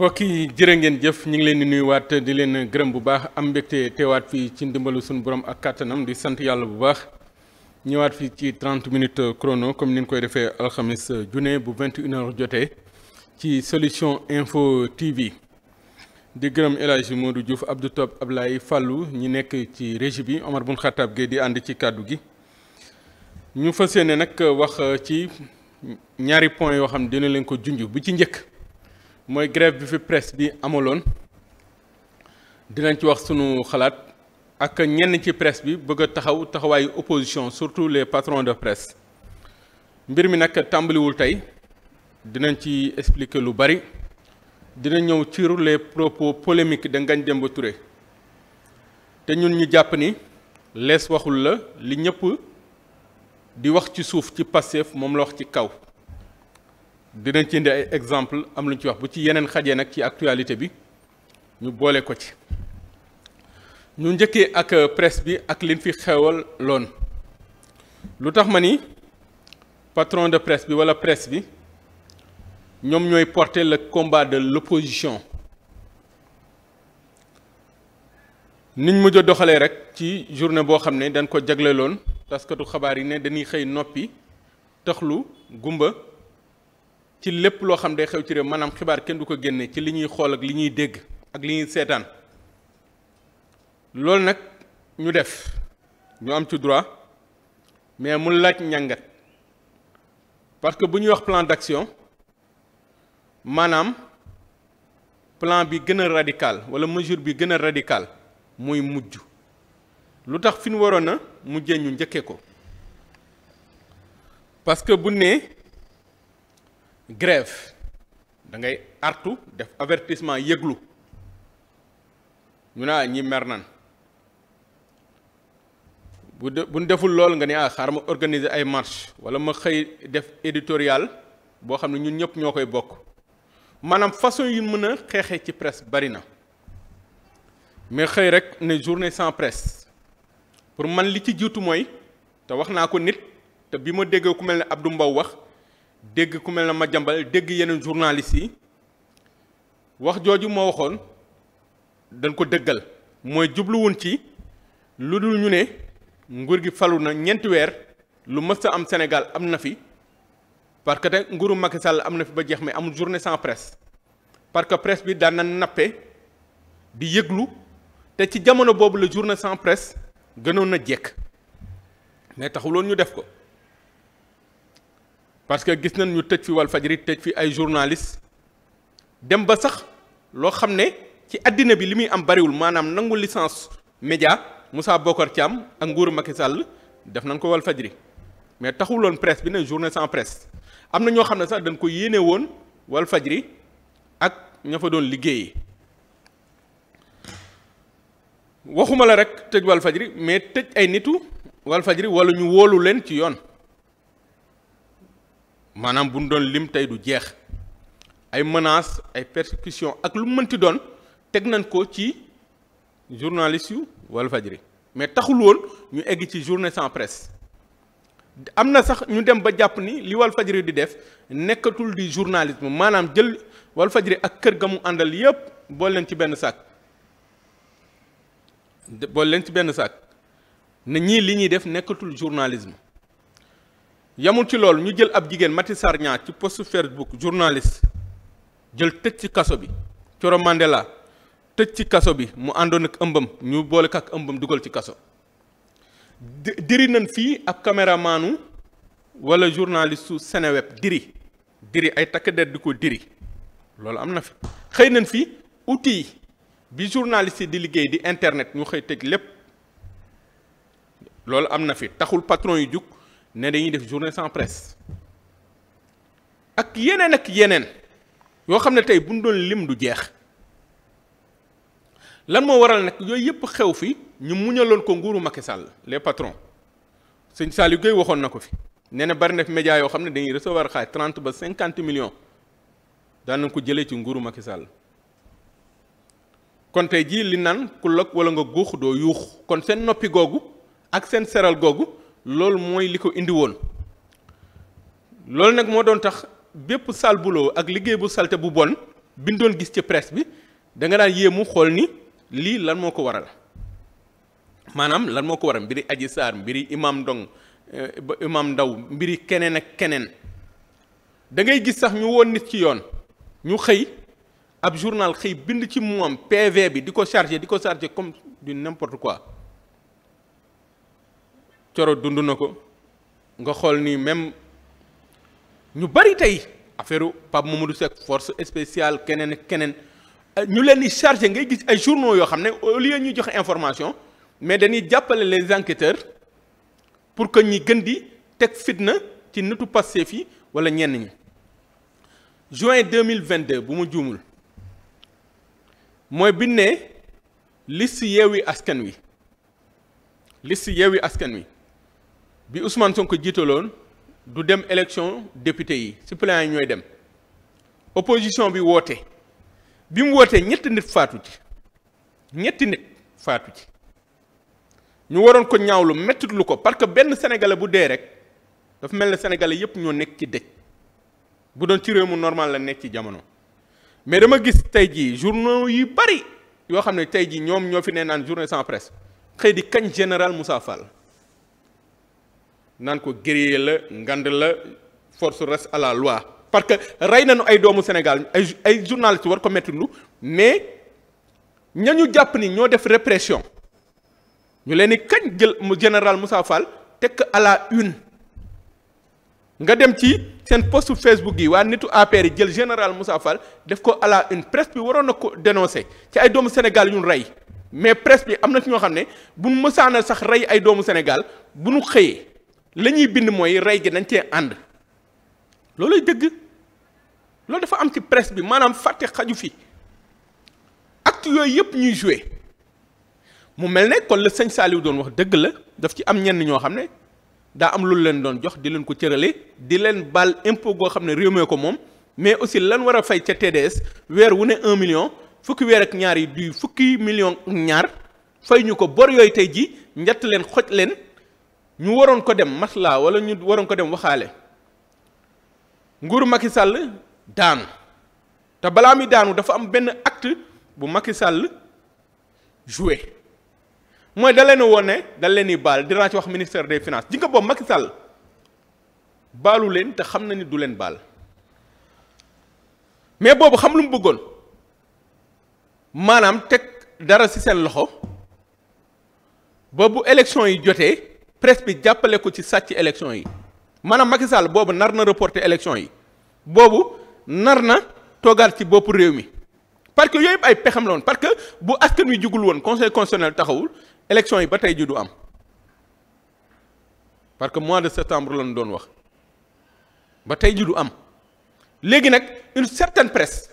mbokk yi jërë ngeen jëf ñu ngi leen di nuyuwaat di leen gërëm bu baax am mbégte teewaat fii ci ndimbalu suñu borom ak kàttanam di sant yàlla bu baax ñëwaat fii ci 30 minutes chrono comme ni ñu koy defee alxamis junne bu vingt 21 heures jotee ci solution info TV di gërëm El Hadj Modou Diouf Abdou Top Ablaye Fallou ñi nekk ci régie bi Omar Bun Xattaab Gueye di ànd ci kàddu gi ñu fas yéene nag wax ci ñaari point yoo xam ne dina leen ko junj bu ci njëkk. mooy grève bi fi presse bi amuloon dinañ ci wax sunu xalaat ak ñenn ci press bi bëgg a taxaw taxawaayu opposition surtout les patrons de presse mbir mi nag tàmbaliwul tey dinañ ci expliquer lu bari dina ñëw ci les propos polémiques de Ngagne Demba Touré te ñun ñu jàpp ni les waxul la li ñëpp di wax ci suuf ci Pastef moom la wax ci kaw dinañ ci indi ay exemple am lu ñu ci wax bu ci yeneen xajee nag ci actualité bi ñu boole ko ci ñu njëkkee ak euh, press bi ak liñ fi xewal loon lu tax ma ni patron de presse bi wala press bi ñoom ñooy porter le combat de l'opposition niñ mujj a doxalee rek ci journée boo xam ne dañ ko jagle jagleloon taskatu xabaar yi ne dañuy xëy noppi taxlu gumba ci lépp loo xam day xew ci réew maanaam xibaar kenn du ko génne ci li ñuy xool ak li ñuy dégg ak li ñuy seetaan loolu nag ñu def ñu am ci droit mais mu laaj njàngat parce que bu ñuy wax plan d'action maanaam plan bi gën a radical wala mesure bi gën a radical mooy mujj lu tax fi ñu waroon a mujjee ñu njëkkee ko parce que bu nee grève da ngay artu def avertissement yëglu ñu naa ñi mer bu de bu ñu deful lool nga ni ah xaar ma organiser ay marche wala ma xëy def éditorial boo xam ne ñun ñëpp ñoo koy bokk maanaam façon yu mën a xeexee ci presse bari na mais xëy rek ne journée sans presse pour man li ci jiitu mooy te wax naa ko nit te bi ma déggee ku mel ne Abdou Mbow wax. dégg ku mel na ma jàmbal dégg yeneen journaliste yi wax jooju moo waxoon dañ ko dëggal mooy jubluwun ci lu dul ñu ne nguur gi falu na ñeenti weer lu mës a am Sénégal am na fi parce que te nguuru Macky Sall am na fi ba jeex mais amul journée sans presse parce que presse bi daan na nappe di yëglu te ci jamono boobu la journée sans presse gënoon na jekk mais taxuloon ñu def ko parce que gis nañ ñu tëj fi Walfadjri tëj fi ay journaliste dem ba sax loo xam ne ci àddina bi li muy am bariwul maanaam nangu licence média Moussa Bokar Thiam ak nguuru Macky sàll def nañ ko Walfadjri mais taxuloon presse bi ne journée sans presse am na ñoo xam ne sax dañ ko yéene woon Walfadjri ak ña fa doon liggéeyi waxuma la rek tëj wall faj Walfadjri mais tëj ay nitu Walfadjri wala ñu woolu leen ci yoon maanaam bu ñu doon lim tey du jeex ay menaces ay persécutions ak lu mënti doon teg nañ ko ci journalistes yu Walfadjri mais taxul woon ñu egg ci journée sans presse am na sax ñu dem ba jàpp ni li Walfadjri di def nekkatul di journalisme maanaam jël Walfadjri ak kër ga mu àndal yépp bool leen ci benn sac bool leen ci benn sac na ñii li ñuy def nekkatul journalisme yamul ci lool ñu jël ab jigéen mati Sarr Niang ci post Facebook journaliste jël tëj ci kaso bi Coro Mandela tëj ci kaso bi mu àndoon ak ëmbam ñu boole ko ëmbam dugal ci kaso diri nañ fii ab caméramanu wala journaliste su Seneweb diri diri ay takk der di ko diri loolu am na fi xëy nañ fi outil bi journaliste yi di liggéey di internet ñu xëy tëj lépp loolu am na fi taxul patron yu jug ne dañuy def journée sans presse ak yeneen ak yeneen yoo xam ne tey buñ doon lim du jeex lan moo waral nag yooyu yëpp xew fi ñu muñaloon ko nguuru sàll Sall les patrons sëñ Saliou Gueye waxoon na ko fi nee na bari na fi média yoo xam ne dañuy recevoir xaay trente ba cinquante million daan nañ ko jëlee ci nguuru Macky Sall kon tey jii li naan ku lëkk wala nga guux doo yuux kon seen noppi googu ak seen seral googu. loolu mooy li ko indi woon loolu nag moo doon tax bépp salbuloo ak liggéey bu salte bu bon bindoon gis ci presse bi da nga daan yéemu xool ni lii lan moo ko waral maanaam lan moo ko waral mbiri Adji Sarr mbiri imam Ndong eh, ba imam Ndaw mbiri keneen ak keneen dangay gis sax ñu woon nit ci yoon ñu xëy ab journal xëy bind ci moom PV bi di ko chargé di ko chargé comme du n'importe quoi coro dund na ko nga xool ni même ñu bari tey affaire Pape Mamadou Seck force spéciale keneen keneen euh, ñu leen di chargé ngay gis ay journaux yoo xam ne au lieu ñuy joxe information mais dañuy jàppale les enquêteurs pour que ñi gën di teg fitna ci nitu Pastef yi wala ñenn ñi juin 2022 bu ma juumul mooy bi ne liste Yewwi Askan Wi liste Yewwi Askan Wi bi Ousmane Sonko jiitaloon du dem élection député yi suppléants yi ñooy dem opposition bi woote bi mu wootee ñetti nit faatu ci ñetti nit faatu ci ñu waroon ko ñaawlu mettit lu ko parce que benn sénégalais bu dee rek dafa mel ne sénégalais yépp ñoo nekk ci dëj bu doon ci réew mu normal la nekk ci jamono mais dama gis tey jii journaux yi bari yoo xam ne tey jii ñoom ñoo fi nee naan journée sans presse xëy di kañ général Moussa Fall. naan ko guerrier la ngand la force reste à la loi parce que rey nañu ay doomu Sénégal ay ay journalistes war ko métti lu mais ñañu jàpp ni ñoo def répression ñu leen ni kañ jël mu général Moussa Fall tekk à la une nga dem ci seen post Facebook yi waa nitu APR jël général Moussa Fall def ko à la une presse bi waroon na ko dénoncer ci ay doomu Sénégal yu ñu rey mais presse bi am na ci ñoo xam ne bu ñu mësaana sax rey ay doomu Sénégal bu ñu xëyee. la ñuy bind mooy rey gi dañ cee ànd loolu looluy dëgg loolu dafa am ci presse bi maanaam fàtte xaju fi acte yooyu yëpp ñuy joué mu mel ne kon la sëñ Saliou doon wax dëgg la daf ci am ñenn ñoo xam ne daa am lu leen doon jox di leen ko cërale di leen baal impôt goo xam ne réew mee ko moom mais aussi lan war a fay ca TDS weer wu ne un million fukki weer ak ñaar yi du fukki million ñaar fay ñu ko bor yooyu tey ji njatt leen xoj leen ñu waroon ko dem maslaa wala ñu waroon ko dem waxaale nguuru Macky sàll daanu te balaa mi daanu dafa am benn acte bu Macky sàll joué mooy da leen woon ne da leen di baal dinaa ci wax ministère des finances ji nga boobu Macky Sall baalu leen te xam na ni du leen baal mais boobu xam lu mu bëggoon maanaam teg dara ci seen loxo ba bu élection yi jotee presse bi jàppale ko ci sàcc élection yi maanaam Macky Sall boobu nar na reporter élection yi boobu nar na toogaat ci boppu réew mi parce que yooyu ay pexem la woon parce que bu askan wi jugul woon conseil constitutionnel taxawul élection yi ba tey ji du am parce que mois de septembre lañu doon wax ba tey ji du am léegi nag une certaine presse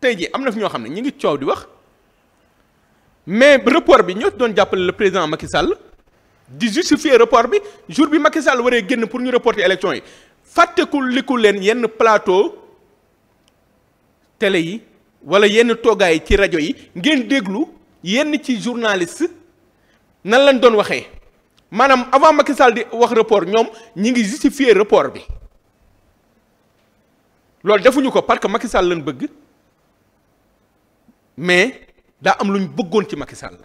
tey ji am na fi ñoo xam ne ñu ngi coow di wax mais report bi ñoo doon jàppale le président Macky Sall di justifier report bi jour bi Macky Sall waree génn pour ñu reporter élection yi fàttekul liku leen yenn plateau télé yi wala yenn toogaay ci rajo yi ngeen déglu yenn ci journaliste nan lañ doon waxee maanaam avant Macky Sall di wax report ñoom ñi ngi justifier report bi loolu defuñu ko parce que Macky Sall lañ bëgg mais daa am lu ñu bëggoon ci Macky Sall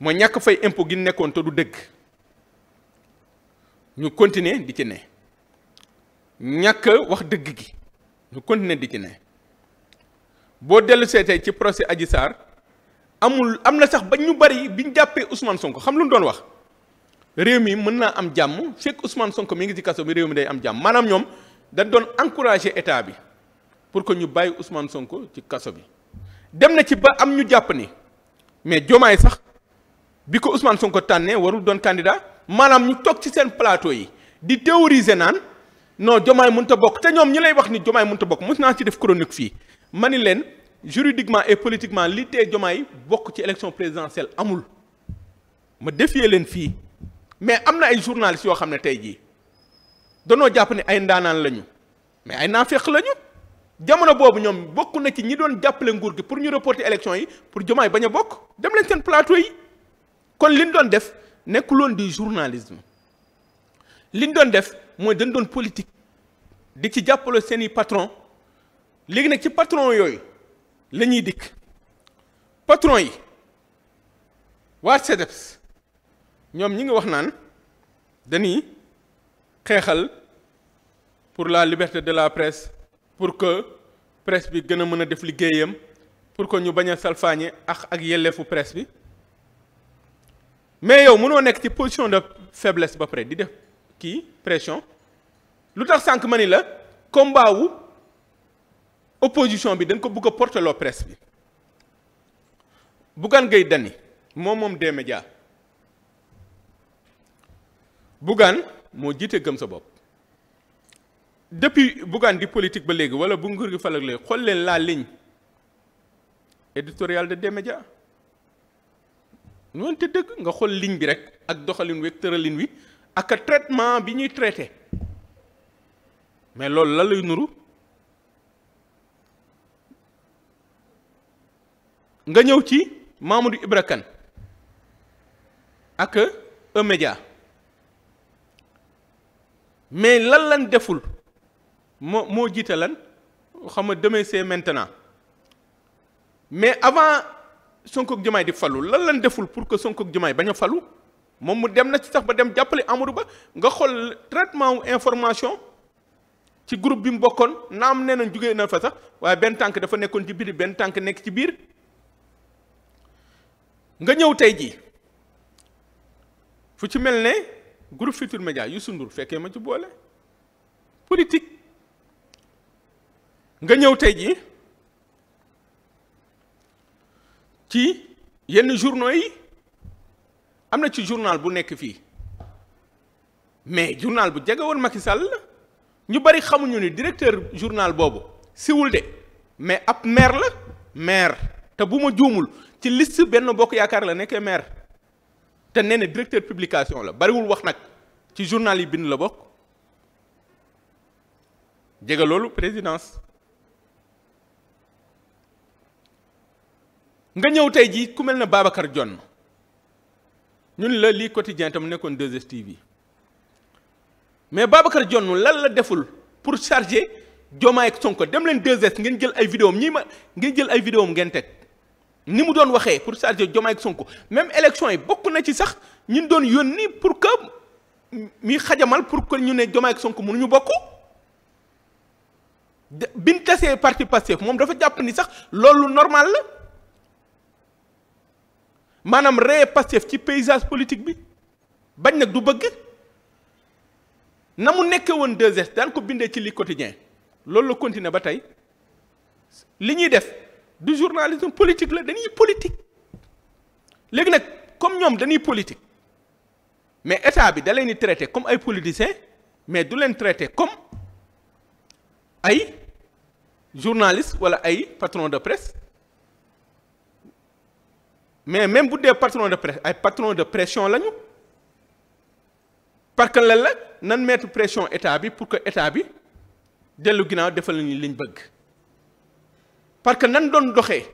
mooy ñàkk fay impôt gi nekkoon te du dëgg ñu continuer di ci ne ñàkk wax dëgg gi ñu continuer di ci ne boo dellusee seetee ci procès Adji Sarr amul am na sax ba ñu bari bi ñu jàppee Ousmane Sonko xam lu mu doon wax réew mi mën naa am jàmm fekk Ousmane Sonko mi ngi ci kaso bi réew mi day am jàmm maanaam ñoom dañ doon encourager état bi pour que ñu bàyyi Ousmane Sonko ci kaso bi dem na ci ba am ñu jàpp ni mais Diomaye sax bi ko Ousmane ko tànnee warul doon candidat maanaam ñu toog ci seen plateau yi di théoriser naan noo Diomaye mënut a bokk te ñoom ñi lay wax ni Diomaye mënut bokk mos naa ci def chronique fii ma ni leen juridiquement et politiquement li tee jomaay bokk ci élection présidentielle amul ma défier leen fii mais am na ay journalistes yoo xam ne tey jii danoo jàpp ni ay ndaanaan lañu mais ay naafeq lañu jamono boobu ñoom bokk na ci ñi doon jàppale nguur gi pour ñu reporter élection yi pour Diomaye bañ a bokk dem leen seen plateau yi. kon li ñu doon def nekkuloon di journalisme li ñu doon def mooy dañ doon politique di ci jàppale seen i patron léegi nag ci patron yooyu la ñuy dikk patron yi waa CDEPS ñoom ñi ngi wax naan dañuy xeexal pour la liberté de la presse pour que presse bi gën a mën a def liggéeyam pour que ñu bañ a salfaañe ak ak yelleefu press bi mais yow mënoo nekk ci position de faiblesse ba pare di def kii pression lu tax sànq ma ni la combat wu opposition bi dañ ko bëgg a porter loo presse bi Bougane gay dani moo moom des médias Bougane moo jiite gëm sa bopp depuis Bougane di politique ba léegi wala bu nguur gi falak léegi xool leen la ligne éditoriale de des médias wante dëgg nga xool ligne bi rek ak doxalin wi ak tëralin wi ak traitement bi ñuy traité mais loolu la lay nuru nga ñëw ci Mamadou Ibra Kane ak e mais lan lan deful moo moo jiite lan xam nga demain c'est maintenant mais avant sonk ak Diomaye di falu lan lan deful pour que Sonko ak Diomaye bañ a falu moom mu dem na ci sax ba dem jàppale amaru Ba nga xool traitement information ci groupe bi mu bokkoon naam nee nañ jugee na fa sax waaye benn tànk dafa nekkoon ci biir benn tànk nekk ci biir nga ñëw tey jii fu ci mel ne groupe Futurs Médias Youssou Ndour fekkee ma ci boole politik nga ñëw tey ji ci yenn journaux yi am na ci journal bu nekk fii mais journal bu jege woon Macky Sall ñu bari xamuñu ni directeur journal boobu siwul de mais ab maire la maire te bu ma juumul ci list benn bokk yaakaar la nekkee maire te nee na directeur publication la bariwul wax nag ci journal yi bind la bokk jege loolu présidence nga ñëw tey jii ku mel ne Babacar Dione ñun la lii quotidien tam nekkoon 2STV mais Babacar Dione lan la deful pour charger Diomaye ak Sonko dem leen 2 ngeen jël ay vidéom ñii ma ngeen jël ay vidéom ngeen teg ni mu doon waxee pour charger Diomaye ak Sonko même élection yi bokk na ci sax ñun doon yónni pour que mi xajamal pour que ñu ne Diomaye ak Sonko mënuñu bokk biñ tasee parti Pastef moom dafa jàpp ni sax loolu normal la maanaam ree Pastef ci paysage politique bi bañ nag du bëgg na mu nekke woon deux s daan ko bindee ci li quotidien loolu la continuer ba tey li ñuy def du journalisme politique la dañuy politique léegi nag comme ñoom dañuy politique mais état bi da leen di traité comme ay politiciens mais du leen traité comme ay journaliste wala ay patron de presse mais même bu dee patron de presse ay patron de pression lañu parce que lan la nan mettre pression état bi pour que état bi dellu ginnaaw defal nañu liñ bëgg parce que nan doon doxee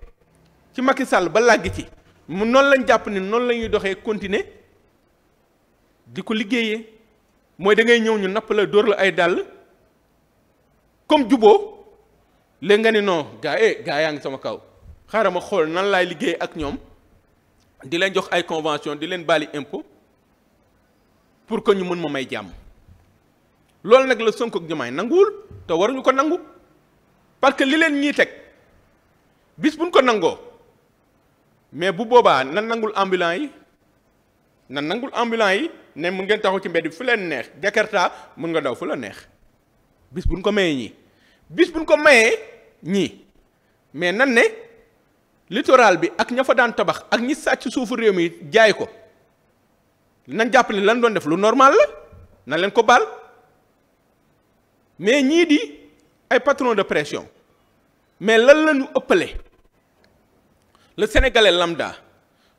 ci Macky Sall ba làgg ci mu noonu lañ jàpp ne noonu lañuy doxee continuer di ko liggéeyee mooy da ngay ñëw ñu napp la dóor la ay dàll comme juboo léegi nga ne non gaa eh gaa yaa ngi sama kaw xaaral ma xool nan laay liggéey ak ñoom di leen jox ay convention di leen bali impôt pour que ñu mën ma may jàmm loolu nag la Sonko ak Diomaye nanguwul te waruñu ko nangu parce que li leen ñii teg bis buñ ko nangoo mais bu boobaa na nangul ambulant yi na nangul ambulant yi ne mun ngeen taxaw ci mbedd fu leen neex Jakarta mun nga daw fu la neex bis buñ ko mayee ñii bis buñ ko mayee ñii mais nan ne littoral bi ak ña fa daan tabax ak ñi sàcc suufu réew mi jaay ko nan jàpp ne lan doon def lu normal la na leen ko baal mais ñii di ay patron de pression mais lan la ëppale le sénégalais lambda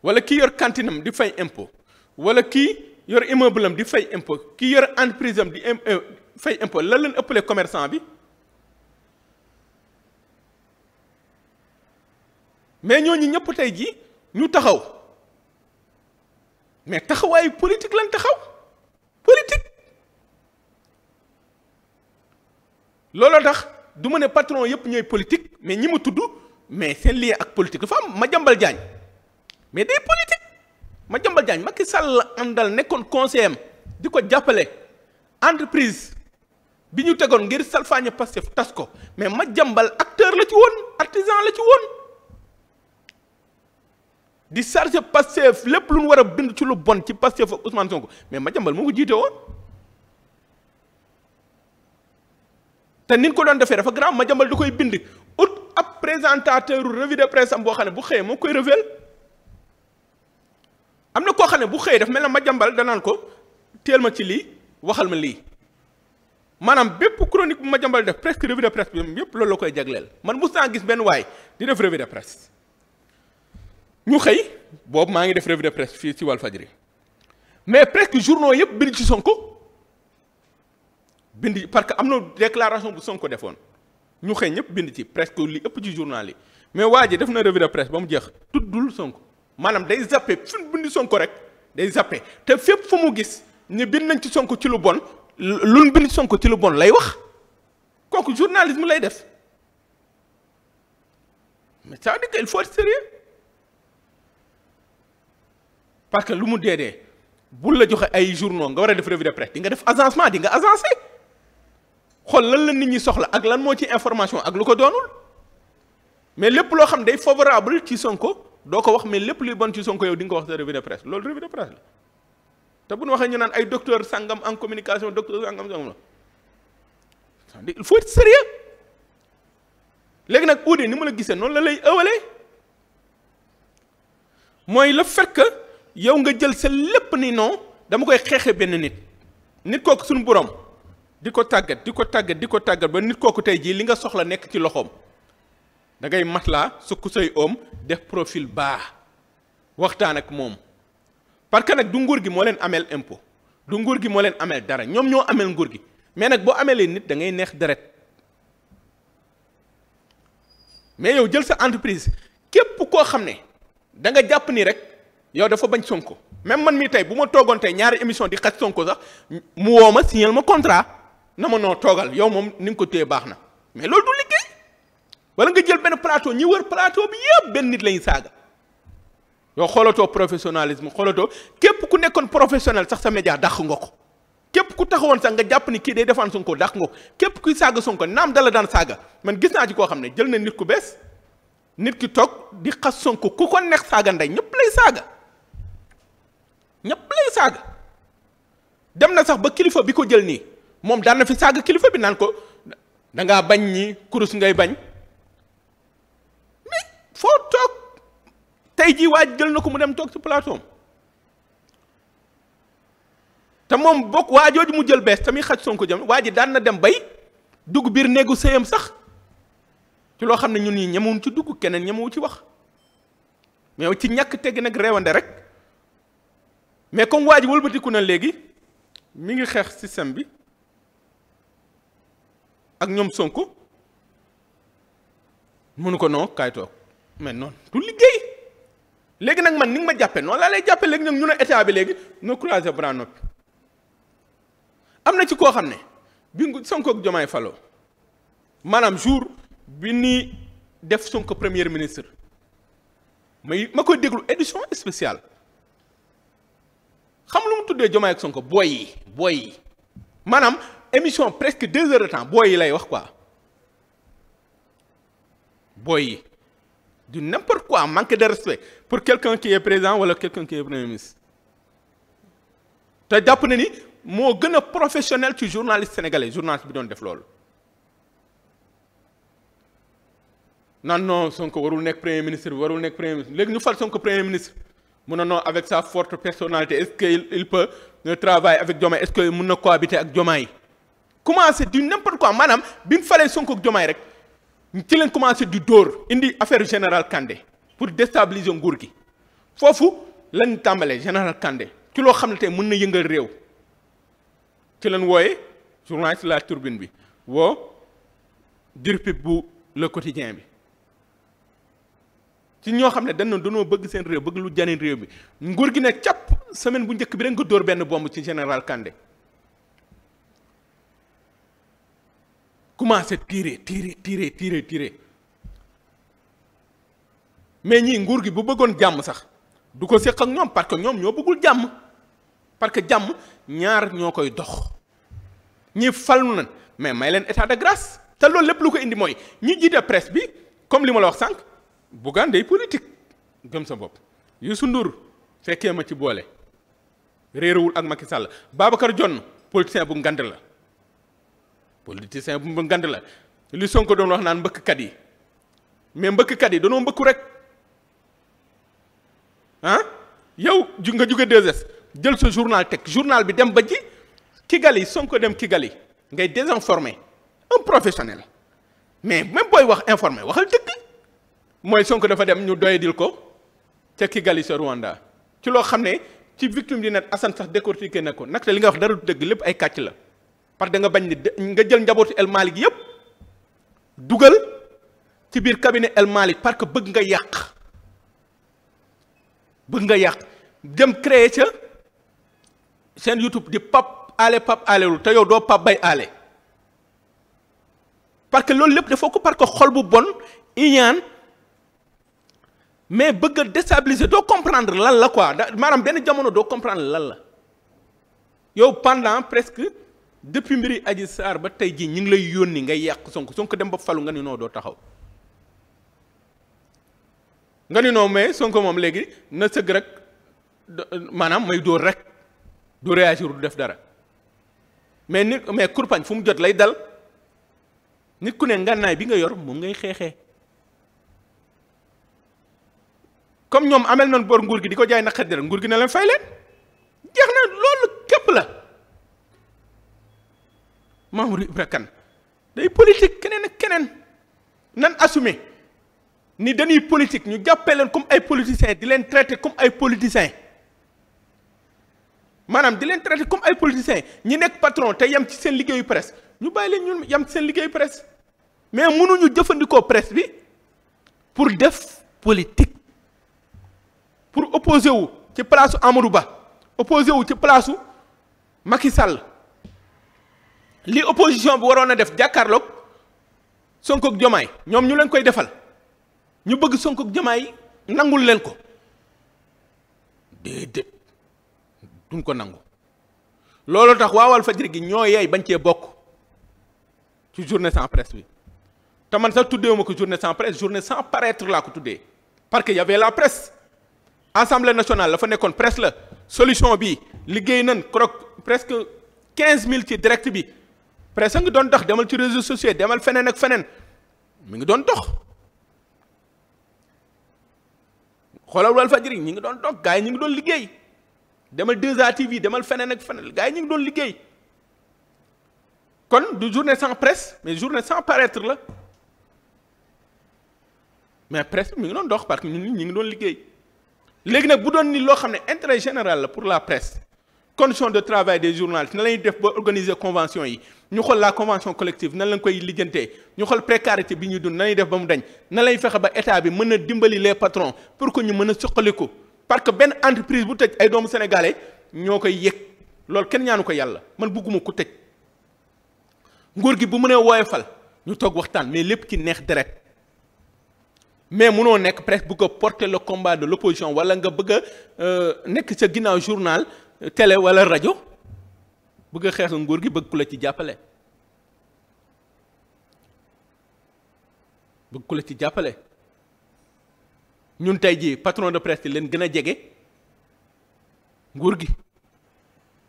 wala kii yor cantine di fay impôt wala kii yor immeuble am di fay impôt kii yor entreprise am di euh, fay impôt lan lañ ëppale commerçant bi mais ñooñu ñëpp tey jii ñu taxaw mais taxawaayu politique lañ taxaw politique. looloo tax du ma ne patron yëpp ñooy politique mais ñi mu tudd mais seen lien ak politique dafa am Madiambal Diagne mais day politique Madiambal Diagne Macky Sall la àndal nekkoon conseiller am di ko jàppale entreprise bi ñu tegoon ngir salfaañe Pastef tas ko mais ma Madiambal acteur la ci woon artisan la ci woon. di chargé Pastef lépp lu ñu war a bind ci lu bon ci Pastef ak Ousmane Sonko mais ma Madiambal moo ko jiite woon te ni ñu ko doon defee dafa grand Madiambal da koy bind ut ab présentateur revue de presse am boo xam ne bu xëyee moo koy révélé am na koo xam ne bu xëyee daf mel na ma jàmbal danaan ko teel ma ci lii waxal ma lii maanaam bépp chronique bu Madiambal def presque revue de presse bi yëpp loolu la koy jagleel man mos naa gis benn waay di def revue de ñu xëy boobu maa ngi def revue de presse fii ci Walfadjri mais presque journaux yëpp bind ci Sonko bind parce que am na déclaration bu Sonko defoon ñu xëy ñëpp bind ci presque li ëpp ci journal yi mais waa ji def na revue de presse ba mu jeex tuddul sonk maanaam day zappé fu mu bind Sonko rek day zappé te fépp fu gis ñu bind nañ ci Sonko ci lu bon luñ bind ci Sonko ci lu bon lay wax kooku journalisme lay def mais ça veut dire qu'il faut être parce que lu mu dee dee bul la joxe ay journaux nga war a def revue de presse di nga def agencement di nga agencé xool lan la nit ñi soxla ak lan moo ci information ak lu ko doonul mais lépp loo xam day favorable ci Sonko doo ko wax mais lépp luy bon ci Sonko yow di nga ko wax sa revue de presse loolu revue de presse la te bu nu waxee ñu naan ay docteur sangam en communication docteur sangam sangam la il léegi nag Oudé ni ma la gisee noonu la lay ëwalee mooy le yow nga jël sa lépp ni non dama koy xeexe benn nit nit kooku suñu borom di ko tàggat di ko tàggat di ko tàggat ba nit kooku tey jii li nga soxla nekk ci loxoom da ngay matlaa sukk say oom def profil baax waxtaan ak moom parce que nag du nguur gi moo leen ameel impôt du nguur gi moo leen ameel dara ñoom ñoo ameel nguur gi mais nag boo amee ameelee nit da ngay neex deret mais yow jël sa entreprise képp koo xam ne da nga jàpp ni rek. yow dafa bañ Sonko même man mii tey bu ma toogoon tey ñaari émission di xas Sonko sax mu woo ma signal ma contrat na ma noo toogal yow moom ni nga ko téye baax na mais loolu du liggéey wala nga jël benn plateau ñi wër plateau bi yëpp benn nit lañu saaga yow xoolatoo professionnalisme xoolatoo képp ku nekkoon professionnel sax sa média dàq nga ko képp ku taxawoon sax nga jàpp ni kii day defaan Sonko dàq nga ko képp kuy saaga Sonko naam dala daan saaga man gis naa ci koo xam ne jël na nit ku bees nit ki toog di xas Sonko ku ko neex saaga ndey ñëpp lay ñëpp lay saaga dem na sax ba kilifa bi ko jël nii moom daan na fi saaga kilifa bi naan ko da bañ ni kurus ngay bañ mais foo toog tey jii waa jël na ko mu dem toog ci plateau te moom bokk waa jooju mu jël bees tamit xaj Sonko jëm waa ji daan na dem bay dugg biir néegu sëyam sax ci loo xam ne ñun ñi ñemewuñ ci dugg keneen ñemewu ci wax mais ci ñàkk tegg nag reewande rek mais comme waa ji wëlbatiku na léegi mi ngi xeex système bi ak ñoom sonk mënu ko non kaay toog mais noonu du liggéey léegi nag man ni nga ma jàppe noon laa lay jàppe léegi ñoom ñu état bi léegi no croiser bras noppi am na ci koo xam ne bi Sonko ak Jomaay faloo maanaam jour bi ni def Sonko première ministre may ma koy déglu édition spéciale tuddee Diomaye ak Sonko booy yi booy yi maanaam émission presque deux de temps booy yi lay wax quoi booy yi du n'importe quoi manque de respect pour quelqu'un qui est président wala quelqu'un qui est premier ministre te jàpp na ni moo gën a professionnel ci journaliste sénégalais journaliste bi doon def loolu nan non Sonko warul nekk premier ministre warul nekk premier ministre léegi ñu fal Sonko premier ministre mun ne non avec sa forte personalité est-ce qu'il il peut euh, travailler avec Diomaye est-ce que mun na cohabiter ak Diomaye commencé du n'importe quoi maanaam bi mu falee Sonko ak Diomaye rek ci lañ commencé du dóor indi affaire général kande pour déstabiliser nguur gi foofu lañ tàmbalee général kande ci loo xam ne tey mën na yëngal réew ci lañ wooye journaliste la turbine bi woo dirpi bu le quotidien bi ci ñoo xam ne dañ ne dañoo bëgg seen réew bëgg lu janeen réew bi nguur gi ne capp semaine bu njëkk bi rek nga dóor benn bomb ci général Kandé commencé tirer tiire tiire tiire tirer mais ñii nguur gi bu bëggoon jàmm sax du ko séq ak ñoom parce que ñoom ñoo bëggul jàmm parce que jàmm ñaar ñoo koy dox ñi fallu nañ mais may leen état de grâce te loolu lépp lu ko indi mooy ñi jiite presse bi comme li ma la wax sànq. Bougane day politique gëm sa bopp Youssou Ndour fekkee ma ci boole réerewul ak Macky Sall Babacar Dione politicien bu ngande la politicien bu ngand la li Sonko doon wax naan mbëkkkat yi mais mbëkkkat yi danoo mbëkku rek ah yow ju nga jóge 2S jël sa journal teg journal bi dem ba ji Kigali Sonko dem Kigali ngay désinformé un professionnel mais même booy wax informé waxal dëgg mooy Sonko dafa dem ñu doyadil ko ca Kigali sa Rwanda ci loo xam ne ci victime di net Assane sax décortiqué na ko nag te li nga wax dara du dëgg lépp ay kàcc la parce que da nga bañ ni nga jël njabootu El Malick yépp dugal ci biir cabinet El Malick parce que bëgg nga yàq bëgg nga yàq dem créer ca seen YouTube di pap ale pap alelu te yow doo pap bay ale parce que loolu lépp dafa ko parce que xol bu bon iñaan mais bëgg a déstabiliser doo comprendre lan la quoi da maanaam benn jamono doo comprendre lan la yow pendant presque depuis mbiri Adji Sarr ba tey jii ñu ngi lay yónni ngay yàq Sonko sonk dem ba falu nga ni noo doo taxaw nga ni noo mais sonk moom léegi na sëgg rek maanaam mooy dóor rek du réagir du def dara mais nit mais kurpañ fu mu jot lay dal nit ku ne ngànnaay bi nga yor moom ngay xeexee. comme ñoom amel noonu boor nguur gi di ko jaay naqari dara nguur gi ne leen fay leen jeex na loolu képp la Mamour Ibra Kane day politique keneen ak keneen nan assumer ni dañuy politique ñu jàppee leen comme ay politiciens di leen traité comme ay politiciens maanaam di leen traité comme ay politiciens ñi nekk patron te yem ci seen liggéeyu presse ñu bàyyi leen ñun yem ci seen liggéeyu presse mais mënuñu jëfandikoo presse bi pour def politique. pour opposer wu ci place su Amadou Ba opposé wu ci place su Macky Sall li opposition bi waroon a def jàkkaarloog Sonko ak Jomaay ñoom ñu leen koy defal ñu bëgg Sonko ak Jomaay nangul leen ko déedéet duñ ko nangu loolu tax waawal fajri gi ñoo yeey bañ cee bokk ci journée sans presse bi te man sax tuddee ma ko journée sans presse journée sans paraître laa ko tuddee parce que y la presse. assemblée nationale la fa nekkoon presse la solution bi liggéey nan croc presque quinze mille ci direct bi presse ngi doon dox demal ci réseau sociaux demal feneen ak feneen mi ngi doon dox xoolal Walfadjri ñi ngi doon dox gars yi ñi ngi doon liggéey demal 2A TV demal feneen ak feneen gars yi ñi ngi doon liggéey kon du journée sans presse mais journée sans paraître la mais presse mi ngi doon dox parce que ñun ñi ngi doon liggéey léegi nag bu doon ni loo xam ne intérêt général la pour la presse condition de travail des journalistes na lañuy def ba organiser convention yi ñu xool la convention collective na lañ koy lijjantee ñu xool précarité bi ñu dund na ñuy def ba mu dañ na lay fexe ba état bi mën a dimbali les patron pour que ñu mën a suqaliku parce que benn entreprise bu tëj ay doomu sénégalais ñoo koy yëg loolu kenn ñaanu ko yàlla man bugguma ku tëj nguur gi bu mënee woyofal ñu toog waxtaan mais lépp ci neex deret mais munoo nekk presque bëgg a porte le combat de l'opposition wala nga bëgga euh, nekk sa ginnaaw journal euh, télé wala rajo bëgg a xeex nguur gi bëgg ku la ci jàppale. bëgg ku la ci jàppale ñun tey jii patron de presse leen gën a jege nguur gi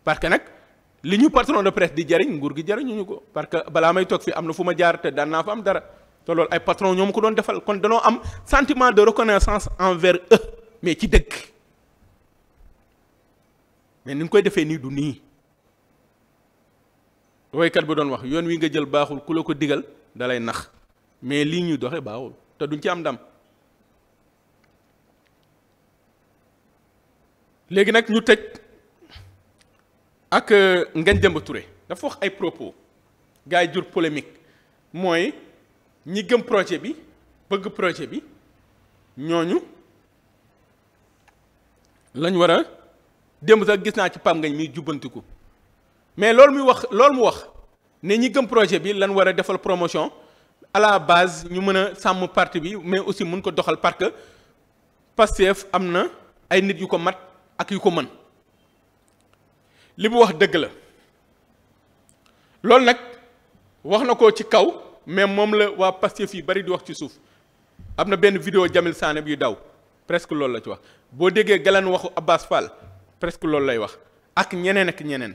parce que nag li ñu patron de presse di jariñ nguur gi jariñu ñu ko parce que balaa may toog fi am na fu ma jaar te daan naa fa am dara. te ay patron ñoom ko doon defal kon danoo am sentiment de reconnaissance envers eux mais ci dëkk mais ni nga koy defee nii du nii woykat bi doon wax yoon wi nga jël baaxul ku la ko diggal dalay nax mais lii ñuy doxe baaxul te duñ ci am ndam léegi nag ñu tëj ak euh, Ngagne Demba Touré dafa wax ay propos gars yi jur polémique mooy ñi gëm projet bi bëgg projet bi ñooñu lañ war a démb sax gis naa ci pam ngañ mi jubbantiku mais loolu muy wax loolu mu wax ne ñi gëm projet bi lan war a defal promotion àlla la base ñu mën a sàmm parti bi mais aussi mën ko doxal parce que Pastef am na ay nit yu ko mat ak yu ko mën li mu wax dëgg la loolu nag wax na ko ci kaw mais moom la waa Pastef yi bari di wax ci suuf am na benn vidéo Jamil Sané bi daw presque loolu la ci wax boo déggee galan waxu Abbas Fall presque loolu lay wax ak ñeneen ak ñeneen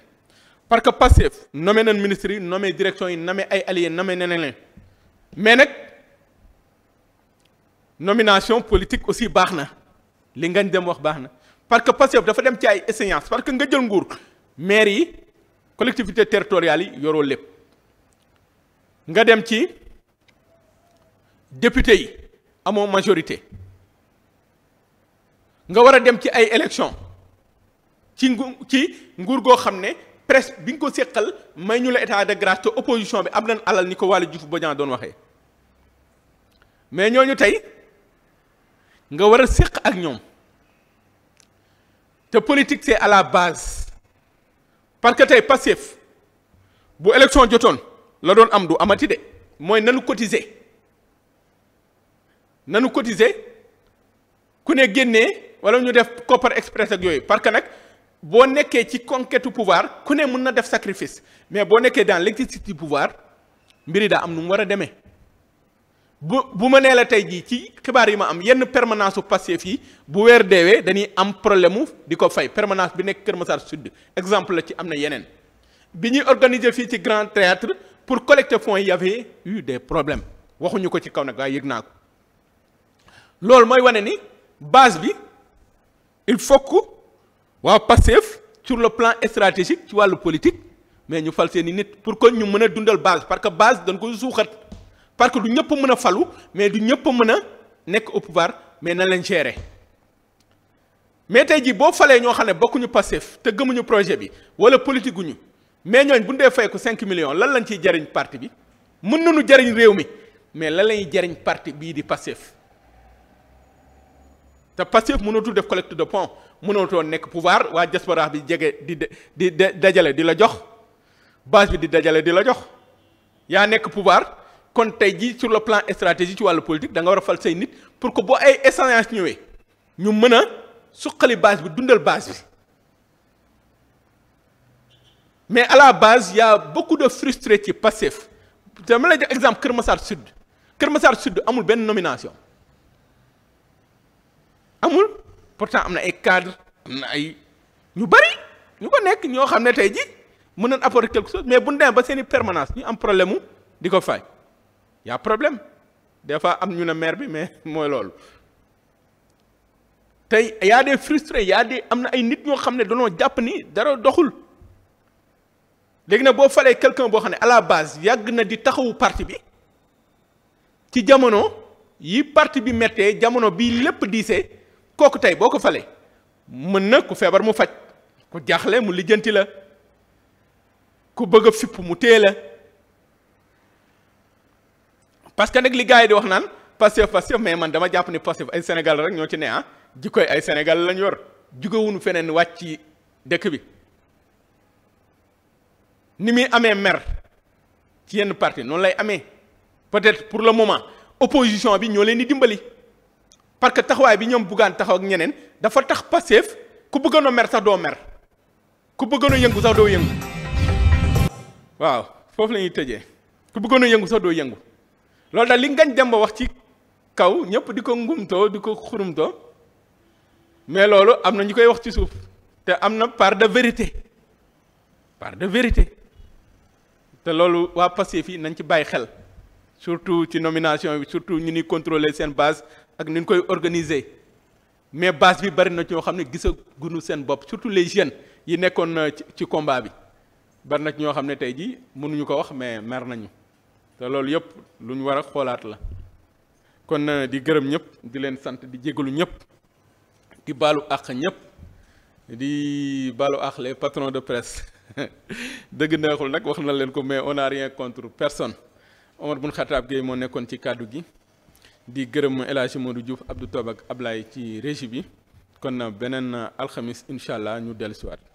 parce que Pastef nommé nañ ministre yi nommé direction yi nommé ay alliés nommé mais nag nomination politique aussi baax na li ngañ dem wax baax na parce que Pastef dafa dem ci ay échéances parce que nga jël nguur maire yi collectivité territoriale yi yoroo lépp nga dem ci député yi amoo majorité nga war a dem ci ay élection ci ngu ci nguur goo xam ne presse bi nga ko séqal may ñu la état de grâce te opposition bi am nañ alal ni ko Waly Diouf Bodiang doon waxee mais ñooñu tey nga war a séq ak ñoom te politique c'est à la base parce que tey Pastef bu élection jotoon la doon am du amati de mooy nanu cotiser nanu cotiser ku ne génnee wala ñu def Kopar Express ak yooyu parce que nag boo nekkee ci conquête pouvoir ku ne mën na def sacrifice mais boo nekkee dans l'exercice du pouvoir mbiri daa am nu mu war a demee bu bu ma nee la tey jii ci xibaar yi ma am yenn permanence su Pastef yi bu weer deewee dañuy am problème mu di ko fay permanence bi nekk Kër Massar Sud exemple la ci am na yeneen bi ñuy organiser fii ci Grand Théâtre pour collecter fonds yi u des problèmes waxuñu ko ci kaw nag waaye yëg naa ko loolu mooy wane ni base bi il faut que waaw Pastef sur le plan stratégique ci wàllu politique mais ñu fal seeni nit pour que ñu mën a dundal base parce que base dañ ko suuxat parce que du ñëpp mën a falu mais du ñëpp mën a nekk au pouvoir mais na leen gérer mais tey jii boo falee ñoo xam ne bokkuñu Pastef te gëmuñu projet bi wala politique guñu mais ñooñ bu ñu dee fay ko 5 millions lan lañ ciy jariñ parti bi mën nañu jariñ réew mi mais lan lañuy jariñ parti bii di Pastef te Pastef mënatul def collecte de fonds mënootoo nekk pouvoir waa diaspora bi jege di di dajale di la jox base bi di dajale di la jox yaa nekk pouvoir kon tey jii sur le plan stratégique ci wàllu politique da nga war a fal say nit pour que boo ay échéances ñëwee ñu mën a suqali base bi dundal base bi. mais à la base il y a beaucoup de frustrés ci Pastef dama lay jox exemple Kër Massar Sud Kër Massar Sud amul benn nomination amul pourtant am na ay cadres am na ay ñu bari ñu ko nekk ñoo xam ne tey ji mën nañ apporter quelque chose mais bu ñu demee ba seen i permanence ñu am problème di ko fay y problème des fois am ñu ne maire bi mais mooy loolu tey y a des frustrés y a am na ay nit ñoo xam ne dañoo jàpp ni dara doxul. léegi na boo falee quelqu'un boo xam ne à la base yàgg na di taxawu parti bi ci jamono yi parti bi mettee jamono bii lépp diisee kooku tey boo ko falee mën na ku feebar mu faj ku jaaxle mu lijjanti la ku bëgg a fipp mu téye la parce que nag li gars yi di wax naan Pastef Pastef mais man dama jàpp ni Pastef ay Sénégal rek ñoo ci ne ah jikkoy ay Sénégal lañu yor jugewuñu feneen wàcc dëkk bi. ni muy amee mer ci yenn parti noonu lay amee peut-être pour le moment opposition bi ñoo leen di dimbali parce que taxawaay bi ñoom buggaan taxaw ak ñeneen dafa tax Pastef ku bëggoon a mer sax doo mer ku bëggoon a yëngu sax doo yëngu waaw foofu lañuy ñuy ku bëggoon yëngu sax doo yëngu loolu daal li ngañ dem ba wax ci kaw ñëpp di ko ngumtoo di ko xurumtoo mais loolu am na ñu koy wax ci suuf te am na par de vérité par de vérité te loolu waa Pastef fii nañ ci bàyyi xel surtout ci nomination bi surtout ñu ni contrôler seen base ak ni ñu koy organiser mais base bi bari na ñoo xam ne gisaguñu seen bopp surtout les jeunes yi nekkoon na euh, ci ci combat bi bari na ñoo xam ne tey jii mënuñu ko wax mais mer nañu te loolu yëpp lu ñu war a xoolaat la kon euh, di gërëm ñëpp di leen sant di jégalu ñëpp di baalu àq ñëpp di baalu àq les patrons de presse. dëgg neexul nag wax na leen ko mais on n'a contre personne Omar Bun Xataab Gueye moo nekkoon ci kàddu gi di gërëm El Hadji Modou Diouf Abdou Toob ak Ablaye ci régie bi kon na beneen alxamis incha allah ñu dellu siwaat